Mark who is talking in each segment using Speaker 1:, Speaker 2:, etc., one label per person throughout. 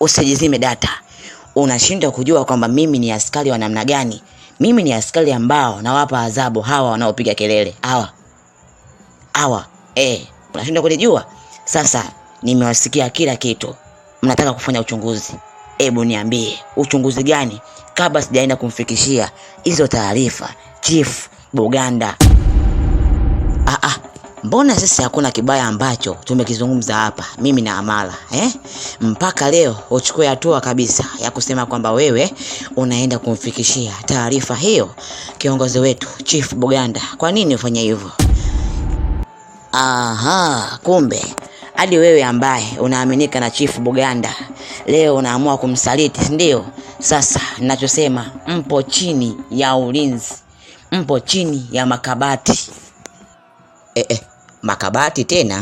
Speaker 1: usijizime data. Unashindwa kujua kwamba mimi ni askari wa namna gani? Mimi ni askari ambao nawapa adhabu hawa wanaopiga kelele hawa hawa, eh, unashindwa kulijua. Sasa nimewasikia kila kitu, mnataka kufanya uchunguzi. Hebu niambie uchunguzi gani, kabla sijaenda kumfikishia hizo taarifa Chief Buganda. Ah, ah. Mbona sisi hakuna kibaya ambacho tumekizungumza hapa mimi na Amala eh? Mpaka leo uchukue hatua kabisa ya kusema kwamba wewe unaenda kumfikishia taarifa hiyo kiongozi wetu Chief Buganda. Kwa nini ufanye hivyo? Aha, kumbe hadi wewe ambaye unaaminika na Chief Buganda leo unaamua kumsaliti, ndio? Sasa ninachosema mpo chini ya ulinzi, mpo chini ya makabati.
Speaker 2: Eh, eh makabati tena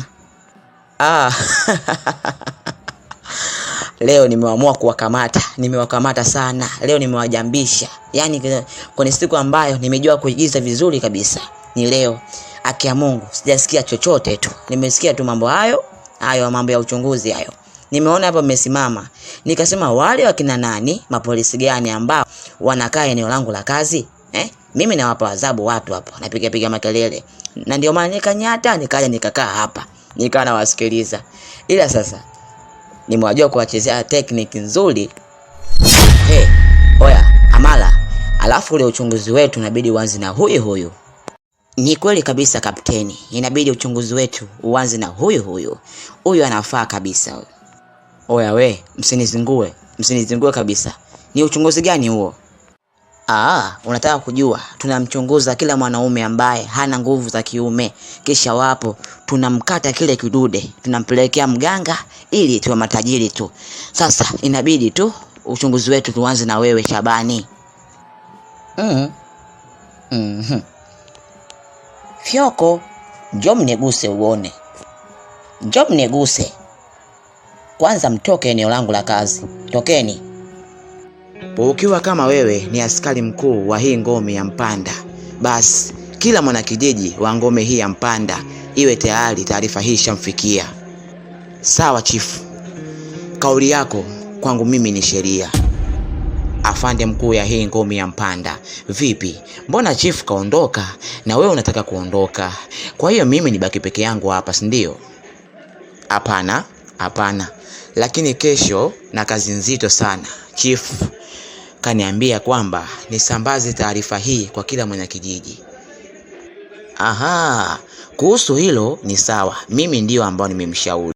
Speaker 2: ah. Leo nimeamua kuwakamata, nimewakamata sana leo, nimewajambisha. Yaani kwenye siku ambayo nimejua kuigiza vizuri kabisa ni leo. Haki ya Mungu, sijasikia chochote tu, nimesikia tu mambo hayo hayo, mambo ya uchunguzi hayo. Nimeona hapa mmesimama, nikasema wale wakina nani, mapolisi gani ambao wanakaa eneo langu la kazi? eh? Mimi nawapa adhabu watu hapa, napiga piga makelele, na ndio maana nikanyata, nikaja nikakaa hapa, nikaa nawasikiliza. Ila sasa nimewajua kuwachezea technique nzuri.
Speaker 3: Hey, eh, oya Amala, alafu ule uchunguzi wetu inabidi uanze na huyu huyu. Ni kweli kabisa kapteni, inabidi uchunguzi wetu uanze na huyu huyu. Huyu anafaa kabisa.
Speaker 4: Oya we, msinizingue, msinizingue kabisa. Ni uchunguzi gani huo?
Speaker 1: Aa, ah, unataka kujua, tunamchunguza kila mwanaume ambaye hana nguvu za kiume, kisha wapo tunamkata kile kidude, tunampelekea mganga ili tuwe matajiri tu. Sasa inabidi tu uchunguzi wetu tuanze na wewe Shabani.
Speaker 2: mm. mm -hmm.
Speaker 1: Fyoko, njoo mneguse uone, njoo mneguse kwanza, mtoke eneo langu la kazi, tokeni.
Speaker 5: Ukiwa kama wewe ni askari mkuu wa hii ngome ya Mpanda, basi kila mwanakijiji wa ngome hii ya Mpanda iwe tayari taarifa hii ishamfikia.
Speaker 6: Sawa chifu, kauli yako kwangu mimi ni sheria. Afande mkuu ya hii ngome ya Mpanda, vipi? Mbona chifu kaondoka na wewe unataka kuondoka? Kwa hiyo mimi nibaki peke yangu hapa, si ndio?
Speaker 7: Hapana, Hapana. Lakini kesho na kazi nzito sana. Chief kaniambia kwamba nisambaze taarifa hii kwa kila mwanakijiji.
Speaker 1: Aha, kuhusu hilo ni sawa. Mimi ndiyo ambao nimemshauri.